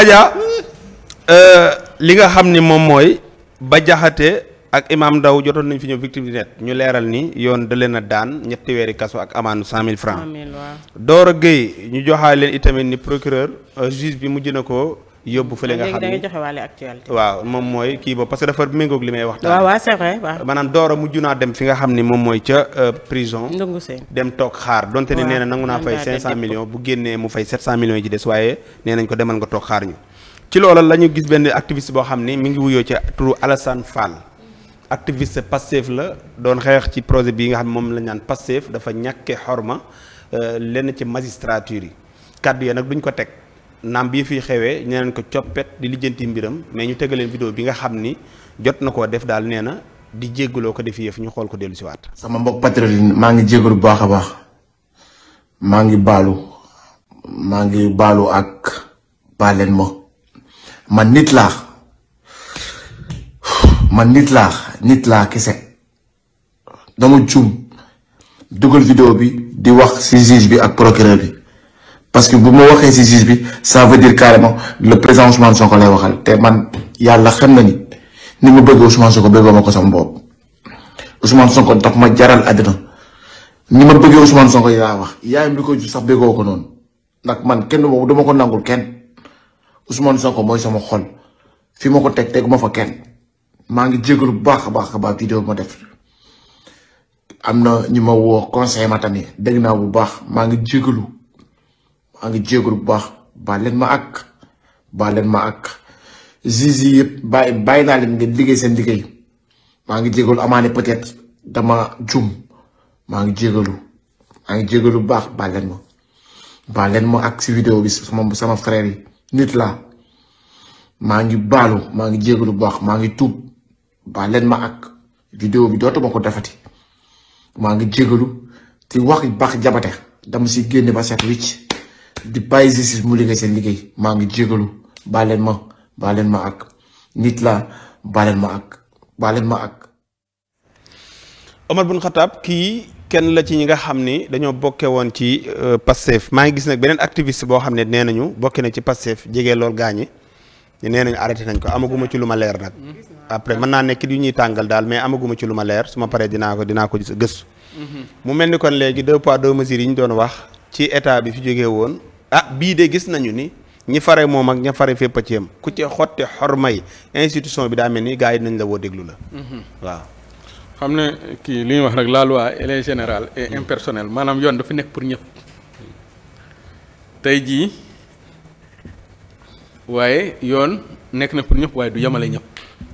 Adja euh, li nga xam ni moom mooy ba jaxate ak imaam Ndaw jotoon nañ fi ñëw victime di net ñu leeral ni yoon da leen a daan ñetti weeri kaso ak amaanu cent mille francs Doora Gueye ñu joxaale leen itamit ni procureur euh, juge bi mujj na ko yóbbu fële nga xam ni waaw moom mooy kii boobu parce que dafa méngoog li may waxtaan. waaw waaw c'est vrai waaw. maanaam Doro mujj naa dem fi nga xam ni moom mooy ca euh, prison. dem toog xaar donte ne nee na nangu naa fay 500 millions bu génnee mu fay 700 millions yi ci des waaye nee nañ ko demal nga toog xaar ñu. ci loola la ñu gis benn activiste boo xam ni mi ngi wuyoo ca turu Alassane Fall activiste Pastef la doon xeex ci projet bi nga xam ne moom lañ naan Pastef dafa ñàkkee ma euh, lenn ci magistrature yi kàddu ya nag duñ ko teg. naam bii fii xewee ñu ko coppet di lijjanti mbiram mais ñu tegaleen vidéo bi nga xam ni jot na koo def daal nee na di jéggaloo ko def yëf ñu xool ko dellu si sama mbokk patriote maa ngi jéggalu bu baax a baax maa ngi baalu maa ngi baalu ak baaleen ma man nit laa man nit laa nit laa kese dama juum dugal vidéo bi di wax si juge bi ak procureur bi parce que bu ma waxee ci juge bi ça veut dire carrément le président Ousmane Sonko lay waxal te man yàlla xam na ni ni ma bëgg Ousmane Sonko bëggoo ma ko sama bopp Ousmane Sonko daf ma jaral àddina ni ma bëggee Sonko yaa wax yaayam bi ko ju sax ko noonu ndax man kenn boobu dama ko nangul kenn Ousmane Sonko mooy sama xol fi ma ko teg teguma fa kenn maa ngi jégalu bu baax a baax a baax vidéo ma def am na ñu ma woo conseil ma tamit dégg naa bu baax maa ngi jégalu. maa ngi jégalu bu baax baal leen ma ak baal leen ma ak zizi yëpp bàyyi bàyyi naa leen ngeen liggéey seen liggéey maa ngi jégalu amaane peut-être dama jum maa ngi jégalu maa ngi jégalu baax baal leen ma baal leen ma ak si vidéo bi sama sama frère yi nit la maa ngi baalu maa ngi jégalu bu baax maa ngi tuub baal leen ma ak vidéo bi dootuma ko defati maa ngi jégalu ti wax baax jabate dam si génne ba set wicc di bàyyi justice mu liggéey seen liggéey maa ngi jégalu baaleen ma baaleen ma ak nit la baaleen ma ak baaleen ma ak Omar bun Xataab kii kenn la ci ñi nga xam ni dañoo bokke woon ci euh, Pastef maa ngi gis nag beneen activiste boo xam ne nee nañu bokke na ci Pastef jege lool gaañi nee nañu arrêté nañ ko amaguma ci lu ma leer nag après mën naa nekk yu ñuy tàngal daal mais amaguma ci lu ma leer su ma paree dinaa ko dinaa ko gëstu mhm. mu mel ni kon léegi deux poids deux mesures doon wax ci état bi fi woon ah bii de gis nañu ni ñi fare moom ak ña fare fépp a ci yem ku ci xotti xormay institution bi daa mel ni gaa yi nañ la woo déglu la mhm. waaw xam ne kii li ñuy wax nag la loi elle générale et mhm. impersonnelle maanaam yoon dafa nekk pour ñëpp tey jii waaye yoon nekk na pour ñépp waaye du yamale ñëpp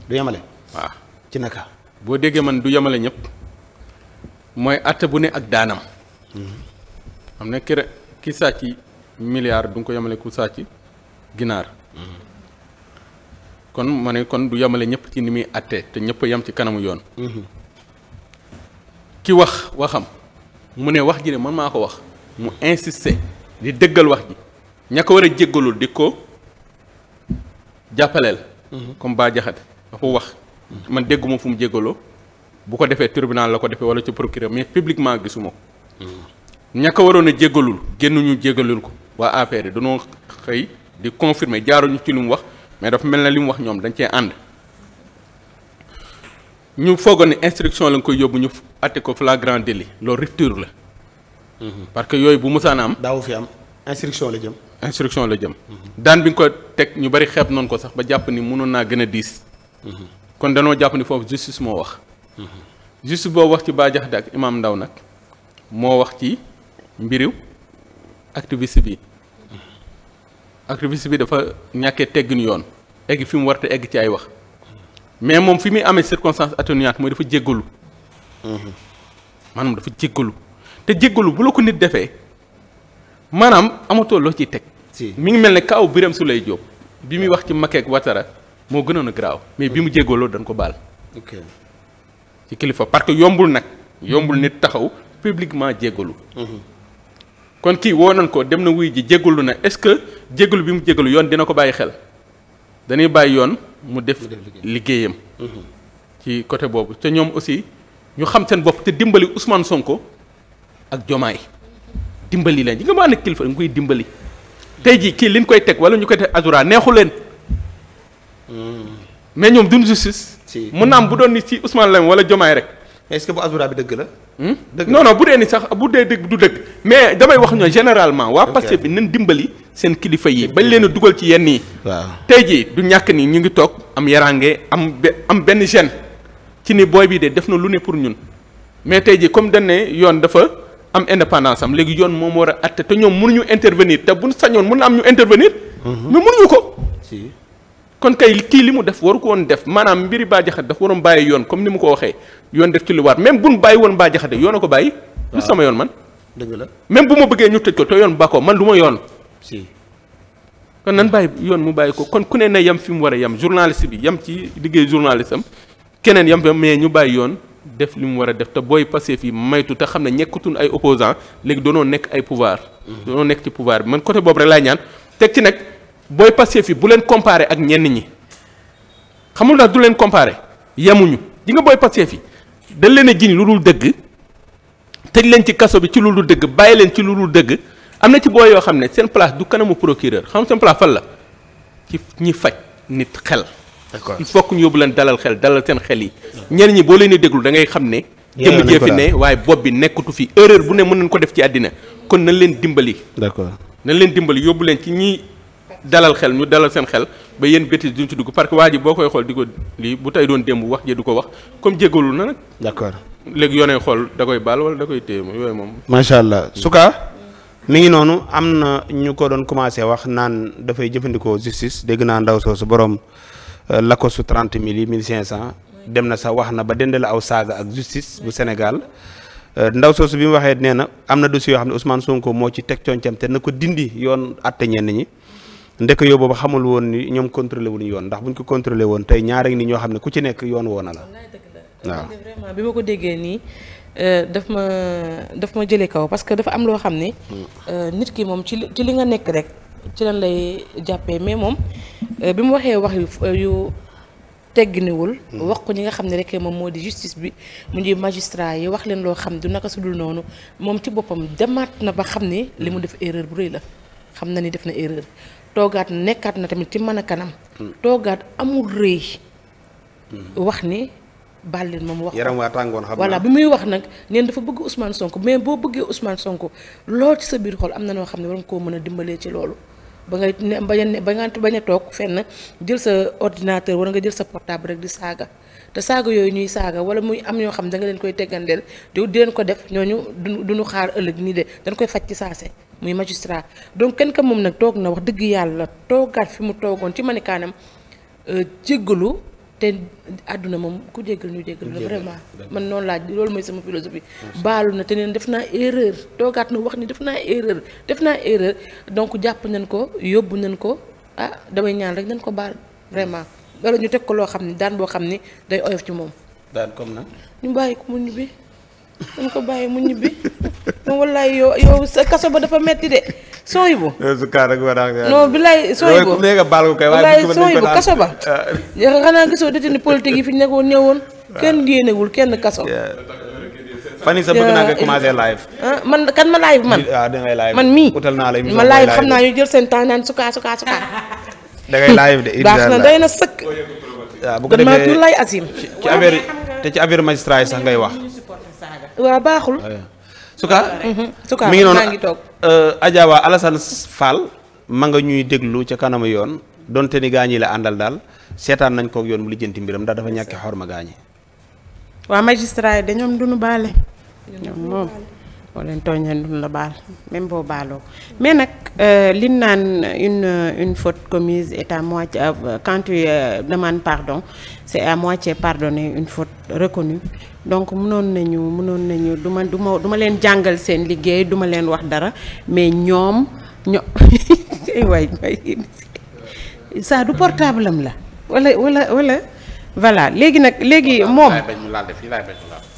du yemale waaw ci naka boo déggee man du yemale ñëpp mooy àtte bu ne ak daanam mhm. xam ne ki ki sàcc milliard du nga ko yemale ku sàcc ginaar kon ma ne kon du yemale ñëpp ci ni muy àtte te ñëpp yem ci kanamu yoon ki wax waxam mu ne wax ji ne man maa ko wax mu insisté di dëggal wax ji ña ko war a jéggalul di ko jàppaleel comme baa Diakhaté dafa wax man dégguma fu mu jéggaloo bu ko defee tribunal la ko defee wala ci procureur mais publiquement gisuma ko ña waroon a jéggalul génnuñu jéggalul ko waa APR dañoo xëy di confirmer jaaruñu ci lu mu wax mais dafa mel na li mu wax ñoom dañ cee ànd ñu foogoon ni instruction lañ koy yóbbu ñu atte ko flagrant délit loolu rupture la. Mhm. parce que yooyu bu musaan am. daawu fi am instruction la jëm. instruction la jëm. Mhm. daan bi nga ko teg ñu bari xeeb noonu ko sax ba jàpp ni mënoon naa gën a diis. Mhm. kon danoo jàpp ni foofu justice moo wax. justice boo wax ci Bah Diakhaté ak Imam ndaw nag moo wax ci mbiriw activiste bi activiste bi dafa ñàkkee teggin yoon egg fi mu warte egg ci ay wax mais moom fi muy amee circonstance atténuante mooy dafa jéggalu maanaam dafa jéggalu te jéggalu bu la ko nit defee maanaam amatoo loo ciy teg mi ngi mel ne kaw Birame Souleye Diop bi muy wax ci Makeek Watara moo gënoon a garaaw mais bi mu jéggaloo dañ ko baal ci kilifa parce que yombul nag yombul nit taxaw publiquement jéggalu mhm. kon kii woo nañ ko dem na wuy ji jégalu na est-ce que jégalu bi mu jégalu yoon dina ko bàyyi xel dañuy bàyyi yoon mu def liggéeyam mhm. ci côté boobu te ñoom aussi ñu xam seen bopp te dimbali Ousmane Sonko ak Jomaay dimbali leen ñi nga maa ne kilifa nga koy dimbali tey jii kii liñ koy teg wala ñu koy teg Azoura neexu leen mhm. mais ñoom duñ justice mu na am bu doon ni si Ousmane Lam wala Jomaay rek est-ce que bi dëgg la Hmm? non non bu dee ni sax bu dee dëgg du dëgg mais damay wax ñoo généralement waa Pastef bi nañ dimbali seen kilifa yi bañ leen a dugal ci yenn yi waaw tey jii du ñàkk nii ñu ngi toog am yaraange am am benn gêne ci ni booy bii de def na lu ne pour ñun mais tey jii comme dañ yoon dafa am indépendance am léegi yoon moom war a atte te ñoom mënuñu intervenir te buñ sañoon mun am ñu intervenir mhm. mais mënuñu ko kon kay kii li mu def waru ko woon def maanaam mbiri Bah Diakhaté daf waroon bàyyi yoon comme ni mu ko waxee yoon def ci lu war même buñ woon Bah Diakhaté ko bàyyi lu yoon man dëgg la même bu ma bëggee ñu tëj ko te yoon ba ko man du ma yoon si kon nan bàyyi yoon mu bàyyi ko kon ku ne na yem fi mu war a yem journaliste bi yem ci liggéey journaliste am keneen yem fa mais ñu bàyyi yoon def li mu war a def te booy passé fii maytu te xam ne ñekkatu ay opposant léegi doonoo nekk ay pouvoir mm-hmm. noo nekk ci pouvoir bi man côté boobu rek laay ñaan teg ci nag booy Pastef yi bu leen comparé ak ñenn ñi xamul ndax du leen comparé yemuñu di nga booy Pastef yi dañ leen a jiñ lu dul dëgg tëj leen ci kaso bi ci lu dul dëgg bàyyi leen ci lu dul dëgg am na ci booy yoo xam ne seen place du kanamu procureur xam seen place fan la ci ñi faj nit xel. d'accord il faut que ñu yóbbu leen dalal xel dalal seen xel yi. ñenn ñi boo leen di déglu da xam ne. jëmm jee ne waaye bopp bi nekkatu fi erreur bu ne mën nañ ko def ci àddina kon nañ leen dimbali. d'accord dalal xel ñu dalal seen xel ba yenn bêtises duñ ci dugg parce que waa boo koy xool di ko lii bu tay doon démb wax ji du ko wax comme jégalu na nag. d'accord léegi yoonee xool da koy baal wala da koy téye moom. macha allah suka mi ngi noonu am na ñu ko doon commencé wax naan dafay jëfandikoo justice dégg naa ndaw soosu borom euh, la ko su trente mille yi mille cinq cent dem na sax wax na ba dendale aw saaga ak justice bu Sénégal. Euh, ndaw soosu bi mu waxee nee na am na dossier yoo xam ne Ousmane Sonko moo ci teg coñcam te na ko dindi yoon àtte ñenn ñi ndek yow boobu xamul woon ni ñoom contrôlé ñu yoon ndax buñ ko contrôlé woon tey ñaar ak ni ñoo xam ne ku ci nekk yoon woon na la waaw bi ma ko déggee nii euh, daf ma daf ma jëlee kaw parce que dafa am loo xam ni hmm. euh, nit ki moom ci ci li nga nekk rek ci lan lay jàppee mais moom euh, bi mu waxee wax yu tegginewul hmm. wax ko ñi nga xam ne rek moom moo di justice bi mu ngi magistrat yi wax leen loo xam du naka sudul noonu moom ci boppam demaat na ba xam ni li mu def erreur bu rëy la xam na ni def na erreur toogaat nekkaat na tamit ci mën a kanam. toogaat amul rëy. wax ni bàllin moom wax. yaram waa tàngoon xam voilà bi muy wax nag neen dafa bëgg usmaan sonk mais boo bëggee Ousmane Sonko lool ci sa biir xol am na noo xam ne war nga koo mën a dimbalee ci loolu. ba ngay ne bañ a ba nga bañ a toog fenn jël sa ordinateur wala nga jël sa portable rek di saaga te saaga yooyu ñuy saaga wala muy am ñoo xam da nga leen koy teggandeel di leen ko def ñoo ñu du duñu xaar ëllëg nii de dañ koy faj ci saase. muy magistrat donc kenn ka moom nag toog na wax dëgg yàlla toogaat fi mu toogoon ci manikaanam euh, jéggalu te àdduna moom ku jéggal ñu jéggal la vraiment man noonu laaj loolu mooy sama philosophie baalu na te neen def naa erreur toogaat na wax ni def naa erreur def naa erreur donc jàpp nañ ko yóbbu nañ ko ah damay ñaan rek nañ ko baal vraiment wala ñu teg ko loo xam ne daan boo xam ne day oyof ci moom daan na ñu bàyyi ko mu ñibbi dañ ko bàyyi mu ñibbi moom wallaay yow yow sa kaso ba dafa metti de sooyibu. non billaay sooyibu wallaay sooyibu kaso ba. xanaa gisoo détenu politique yi fi ñu nekkoon newoon kenn génnewul kenn kaso. fan yii sax bëgg naa nga commencé live. Ah, man kan ma live man. ah da man mii. utal naa la émission ma live xam naa ñu jël seen temps naan sukaa sukaa sukaa. da de. baax na doy na sëkk. waaw ah, bu ko defee man maa lay asim. ci affaire te ci affaire magistrat yi sax ngay wax. waaw baaxul. Ah, suka suka mhm. mi ngi noonu euh, Adja waa Alassane Fall ma nga ñuy déglu ca kanamu yoon donte ni gaañi la àndal daal seetaan nañ kook yoon mu lijjanti mbiram ndax dafa ñàkki xorma gaañi waa magistrat yi de ñoom duñu baale boo leen tooñee duñ la baal même boo baaloo mais nag euh, li ñu naan une une faute commise est à moitié euh, quand tu euh, demandes pardon c'est à moitié pardonner une faute reconnue donc mënoon nañu mënoon nañu du ma du ma du ma leen jàngal seen liggéey duma leen wax dara mais ñoom ño du portable am la wala wala wala voilà léegi nag léegi moom.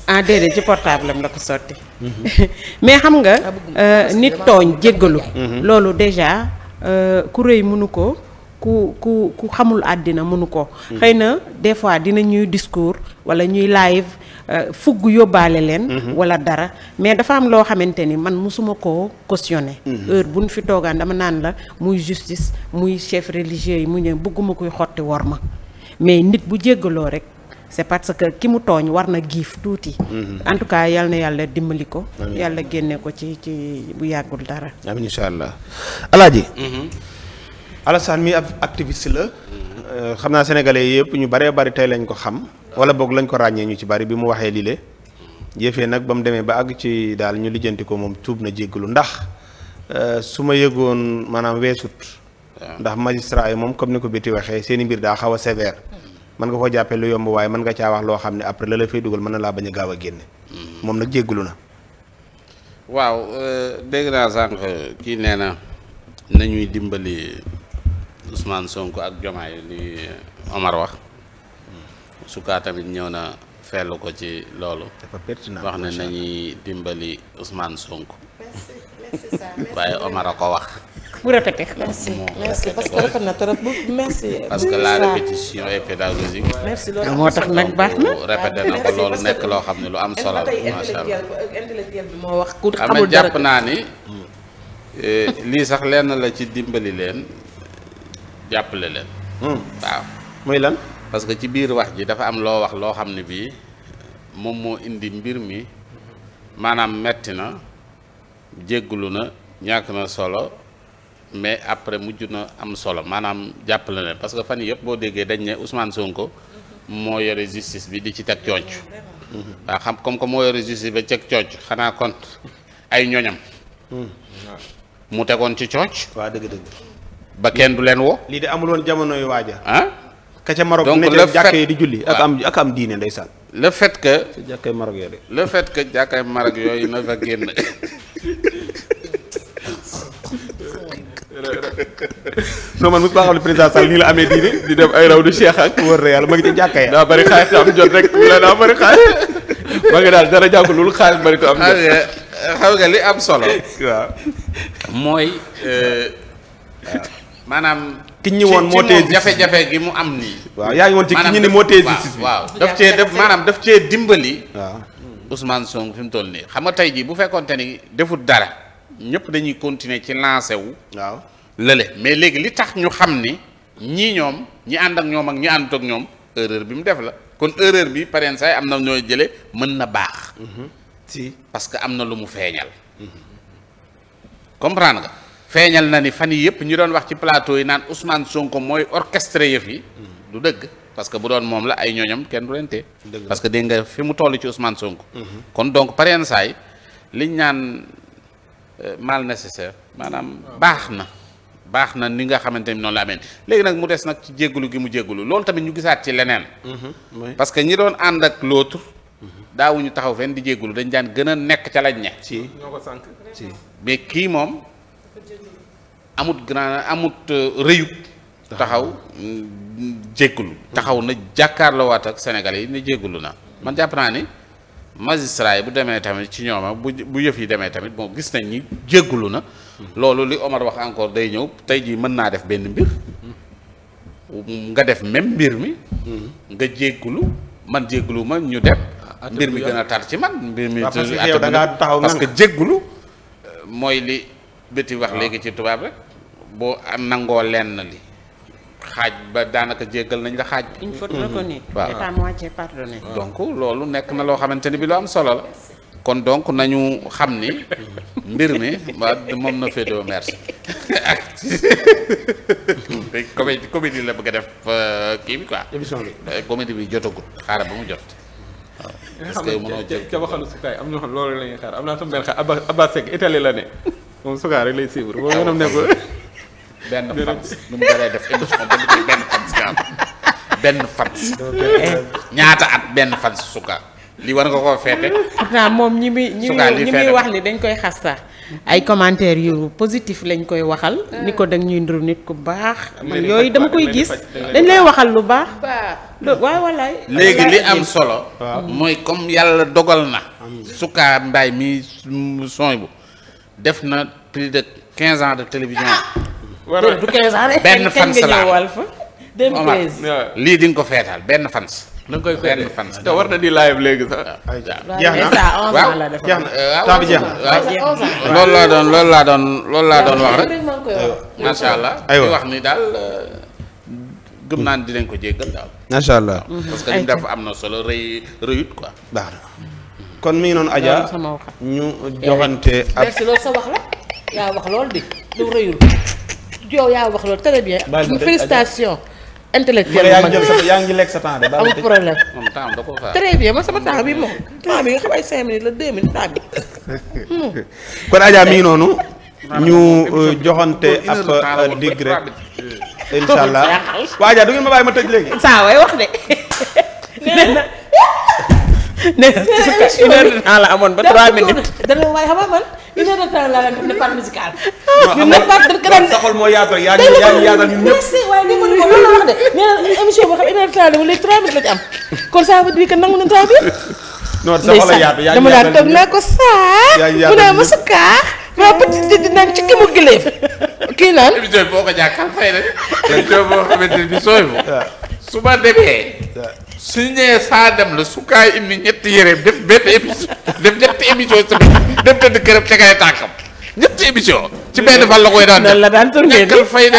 ah déedéet ci portable am la ko sotti. Mhm. mais xam nga ah, euh, nit tooñ jéggalu. Mhm. loolu déjà euh, ku rëy mënu ko ku ku ku xamul àddina mënu ko. Mhm. xëy na des fois dina ñuy discours walla ñuy live euh, fugg yóbbaale leen. walla dara mais dafa am loo xamante ni man musuma koo cautionné. heure bu nu fi toogaan dama naan la muy justice muy chef religieux yi mu ñëw bëgguma koy xotti wor ma mais nit bu jéggaloo rek. c'est parce que ki mu tooñ war na giif tuuti. Mhm. en tout cas yal na yàlla dimbali ko. yàlla génne ko ci ci bu yàggul dara. amiin incha allah alaaji. Mhm. Alassane mi ab activiste la. Mhm. xam naa sénégalais yëpp ñu baree bari tey lañ ko xam. wala boog lañ ko ràññee ñu ci bari bi mu waxee lii le jëfee nag ba mu demee ba àgg ci daal ñu lijjanti ko moom tuub na lu ndax euh, su ma yëgoon maanaam weesut. ndax magistrat moom comme ni ko biti waxee seen i mbir daa xaw a sévère. mën nga koo jàppee lu yomb waaye man nga caa wax loo xam ne après la la fay dugal mën na laa bañ a gaaw a génne. Hmm. moom nag jéggalu na. waaw euh, dégg naa sànq kii nee na nañuy dimbali Ousmane Sonko ak Jomaay li wax hmm. su tamit ñëw na fellu ko ci loolu. dafa pertinent wax ne nañuy dimbali Ousmane Sonko. waaye Omar a ko wax. bu répété. merci merci na trop parce que la répétition est pédagogique. merci loolu moo tax nag baax na répété ko loolu nekk loo xam ne lu am solo la allah intellectuel moo wax ku xamul jàpp naa ni lii sax lenn la ci dimbali leen jàppale leen. waaw muy lan. parce que ci biir wax ji dafa am loo wax loo xam ne bii moom moo indi mbir mi maanaam metti na jégglu na ñàkk na solo. mais après mujj na am solo maanaam jàppale leen parce que fan yii yëpp boo déggee dañ ne son Sonko moo yore justice bi di ci teg cooc waaw xam comme que moo ba teg cooc xanaa kon ay ñoñam mu tegoon ci cooc waaw dëgg dëgg ba kenn du leen woo lii de amul jamonoy jamono yu waaja ah ka ca Maroc donc le jàkka yi di julli ak am ak am diine ndeysaan le fait que jàkkay Maroc yooyu le fait que jàkkay Maroc yooyu na fa génn non man mos maa xam ne président Sall nii la amee diine di dem ay raw du Cheikh ak wër na yàlla ma ngi ci jàkka ya. daa bëri xaalis am jot rek la daa bëri xaalis ma nga daal dara jàpp loolu xaal bëri ko am. xam nga li am solo. waaw mooy. Euh, maanaam. ki ñi woon moo tee jafe-jafe gi mu am nii. waaw yaa ngi woon ci ki ñi ni waaw daf cee def maanaam daf cee dimbali. waaw Ousmane Sonko fi mu toll nii xam nga tey jii bu fekkonte ni defut dara ñépp dañuy continuer ci lancé wu. waaw lële mais léegi li tax ñu xam ni ñii ñoom ñi ànd ak ñoom ak ñi àndut ak ñoom erreur bi mu def la kon erreur bi pareen saay am na ñooy jële mën na baax mhm. si parce que am na lu mu feeñal comprendre nga feeñal na ni fan yi yëpp ñu doon wax ci plateau yi naan Ousmane Sonko mooy orchestré yëf yi mhm. du dëgg parce que bu doon moom la ay ñooñam kenn du leen tee parce que dégg nga fi mu toll ci Ousmane sonk mhm. kon donc pareen saay liñ naan euh, mal nécessaire maanaam ah. baax na baax na ni nga xamante ni noonu la amee léegi nag mu des nag ci jéggulu gi mu jéggulu loolu tamit ñu gisaat ci leneen. Mhm, parce que ñi doon ànd ak l'autre daawuñu taxaw fenn di jéggulu dañ daan gën a nekk ca lañ ne. ci ko sànq ci mais kii moom amut grand amut euh, rëyub taxaw mm, jéggulu taxaw na jàkkaarloo waat ak sénégal yi ne jéggulu na man jàpp naa ni. magistrat bu demee tamit ci ñooma bu bu yëf yi demee tamit bon gis nañ ni jéggulu na loolu li Omar wax encore day ñëw tey jii mën naa def benn mbir nga def même mbir mi nga jéggulu man jéggulu ma ñu dem ah, mbir mi gën a tar ci man mbir mi parce que jéggulu euh, mooy li béti wax ah. léegi ci tubaab rek boo nangoo lenn li xaaj ba daanaka jéggal nañ la xaaj bi. une faute reconnue. donc loolu nekk na loo xamante ni bi lu am solo la. kon donc nañu xam ni mbir mi moom na féetewoo merci ak comédie comédie la bëgg a def euh, kii bi quoi. émission bi euh, comédie bi jotagul xaaral ba mu jot. parce que mënoo jël ca waxalu sukaay am ñoo xam loolu la ñuy xaar am naa sama benn xaar Abba Abba Seck la ne moom sukaay rek lay suivre moom yoonam nekkul. benn fans nu benn fans eh, ñaata at benn fans suka li war nga koo feete pourtant moom ñi muy ñi muy wax ni dañ koy xasta ay commentaire yu positif lañ koy waxal ah. ni ko dag ñuy ndur nit ko baax man yooyu dama koy gis dañ lay waxal lu baax léegi li am solo mooy comme yàlla dogal na suka mbaay mi sooy bu def na plus de quinze ans de télévision du 15 ans de. benn fans lii di ko feetal benn fans. da koy feetal benn fans. te war na di live léegi sax. jeex na waaw jeex na bi jeex na. loolu laa doon loolu laa doon loolu laa doon wax rek. macha allah aywa di wax ni daal euh, gëm naa ne dinañ ko jéggal daal. macha allah. Mm-hmm. parce que li am na solo rëy rëyut quoi. kon mi ngi noonu Adja ñu joxante ak. sa wax la yaa wax loolu de lu rëyul. yow yaa wax loolu très bien. félicitation intellectuelle yaa ngi jël sa ngi lekk sa temps de. amul problème très bien man sama temps bi moom temps bi nga xam ay la deux temps bi. kon Adja mi ngi noonu. ñu euh, joxante ab euh, digg rek. incha allah waaw Adja du ngeen ma bàyyi ma tëj léegi. saa way wax de. nee na une heure de temps la amoon ba 3 minutes. dana waaye xam nga man une heure de temps laa def départ musical. ñun départ dañ ko daan sa xol moo yaatu yaa ngi yaa ngi yaatal ñun ñëpp. merci waaye dégg nga ko loolu la wax a nee na a boo xam une heure de temps la léegi 3 di naan ci kii mu gileef. kii naan émission demee. su nee saa dem la su kaay indi ñetti yëreem def benn émission def ñetti émission tamit dem tëdd këram tegay tànkam ñetti émission. ci benn fan la koy daan def la daan tourné nekkal fay de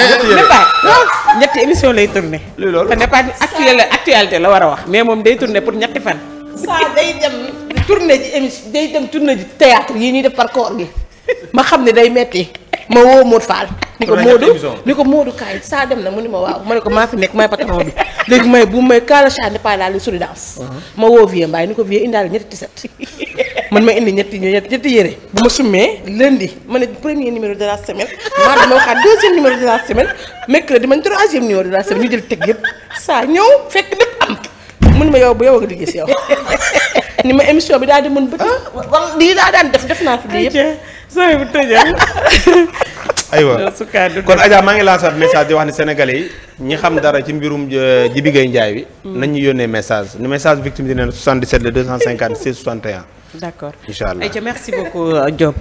ñetti émission lay tourné. lii loolu te actuel actualité la war a wax. mais moom day tourné pour ñetti fan. saa day dem tourné ji émission day dem tourné ji théâtre yi ñuy def par corps gi ma xam ne day metti ma woo Modou Fall. ni ko Modou ni ko Modou kaay saa dem na mu ni ma waaw ma ne ko maa fi nekk may patron bi léegi may bu may kaalachaa ne pas la solidarité. Uh-huh. ma woo Vieux Mbaye ni ko Vieux indaale ñetti tiset man ma indi ñetti ñetti yére bu ma summee lundi ma ne premier numéro de la semaine maa dama waxaat deuxième numéro de la semaine mercredi man troisième numéro de la semaine ñu jël teg yëpp saa ñëw fekk lépp am mun ma yow bu yow a ni ma émission bi daal di mën ba. Ah. wala lii daa daan def def naa fi lii yëpp. sooy bu tëjee. aywa kon Adja maa ngi lancer message di wax ne sénégalais yi ñi xam dara ci mbirum euh, Jibi Gueye Ndiaye bi. Mm. nañ ñu yónnee message ni message victime di neen 77 le 256 61. d' accord incha allah merci beaucoup Diop.